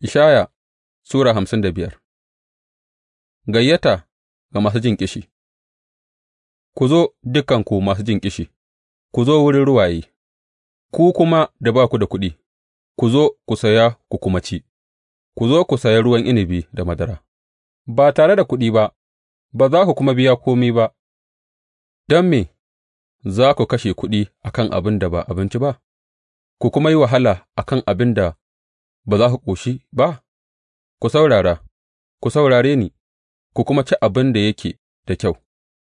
Ishaya Sura hamsin da biyar Gayyata ga masu jin ƙishi Ku zo, dukanku masu jin ƙishi, ku zo wurin ruwaye, ku kuma da ba ku da kuɗi, ku zo ku saya ku kuma ci, ku zo ku saya ruwan inabi da madara, ba tare da kuɗi ba, ba za ku kuma biya kome ba, don me za ku kashe kuɗi a kan abin da ba abinci ba, ku kuma yi wahala a kan abin da ba za ku ƙoshi ba? Ku saurara, ku saurare ni, ku kuma ci abin da yake da kyau,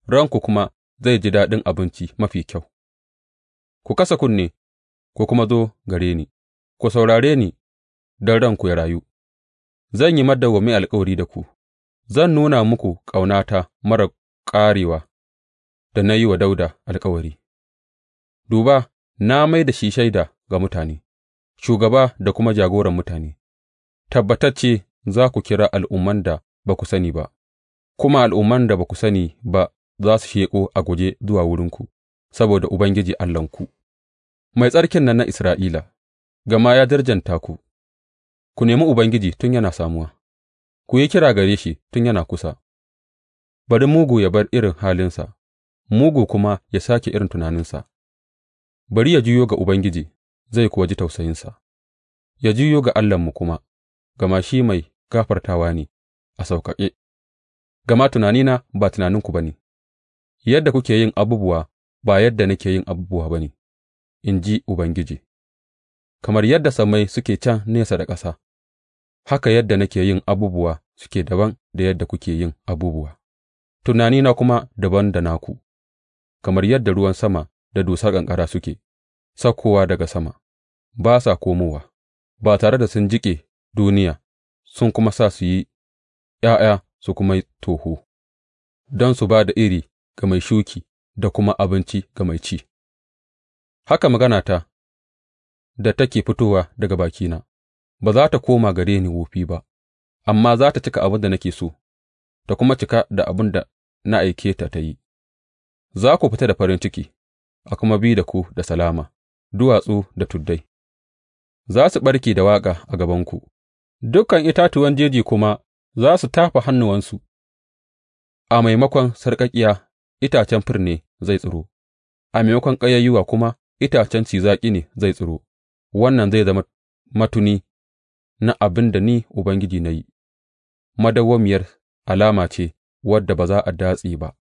ranku kuma zai ji daɗin abinci mafi kyau. Ku kasa kunne, ku kuma zo gare ni, ku saurare ni don ranku ya rayu. Zan yi mai alkawari da ku, zan nuna muku ƙaunata marar ƙarewa da na yi wa Dauda alkawari. Duba, na mai da shi shaida ga mutane. shugaba da kuma jagoran mutane, tabbatacce za ku kira al'umman da ba ku sani ba, kuma al'umman da ba ku sani ba za su sheƙo a guje zuwa wurinku saboda Ubangiji Allahnku, Mai Tsarkin nan na Isra'ila, gama ya darjanta ku, ku nemi Ubangiji tun yana samuwa, ku yi kira gare shi tun yana kusa, bari mugu ya bar irin halinsa, mugu kuma ya sake irin tunaninsa, bari ya juyo ga Ubangiji zai kuwa ji tausayinsa, ya juyo ga Allahnmu kuma, gama shi mai gafartawa ne a sauƙaƙe, gama tunanina ba tunaninku ba ne, yadda kuke yin abubuwa ba yadda nake yin abubuwa ba ne, in ji Ubangiji, kamar yadda samai suke can nesa da ƙasa, haka yadda nake yin abubuwa suke daban da yadda kuke yin abubuwa, tunanina kuma daban da naku, kamar yadda ruwan sama da dusar ƙanƙara suke saukowa daga sama. ba sa komowa, ba tare da sun jiƙe duniya sun kuma sa su yi ’ya'ya su kuma yi toho, don su ba da iri ga mai shuki da kuma abinci ga mai ci. Haka maganata da take fitowa daga bakina ba za ta koma gare ni wofi ba, amma za ta cika abin da nake so, ta kuma cika da abin da na aike ta ta yi. Za ku fita da farin ciki, a kuma bi da ku da salama, duwatsu da tuddai. za su ɓarke da waƙa a gabanku, dukan itatuwan jeji kuma za su tafa hannuwansu; a maimakon sarƙaƙƙiya itacen fir ne zai tsiro, a maimakon ƙayayyuwa kuma itacen cizaƙi ne zai tsiro, wannan zai zama matuni na abin da Ni Ubangiji na yi, madawwamiyar alama ce wadda ba za a datse ba.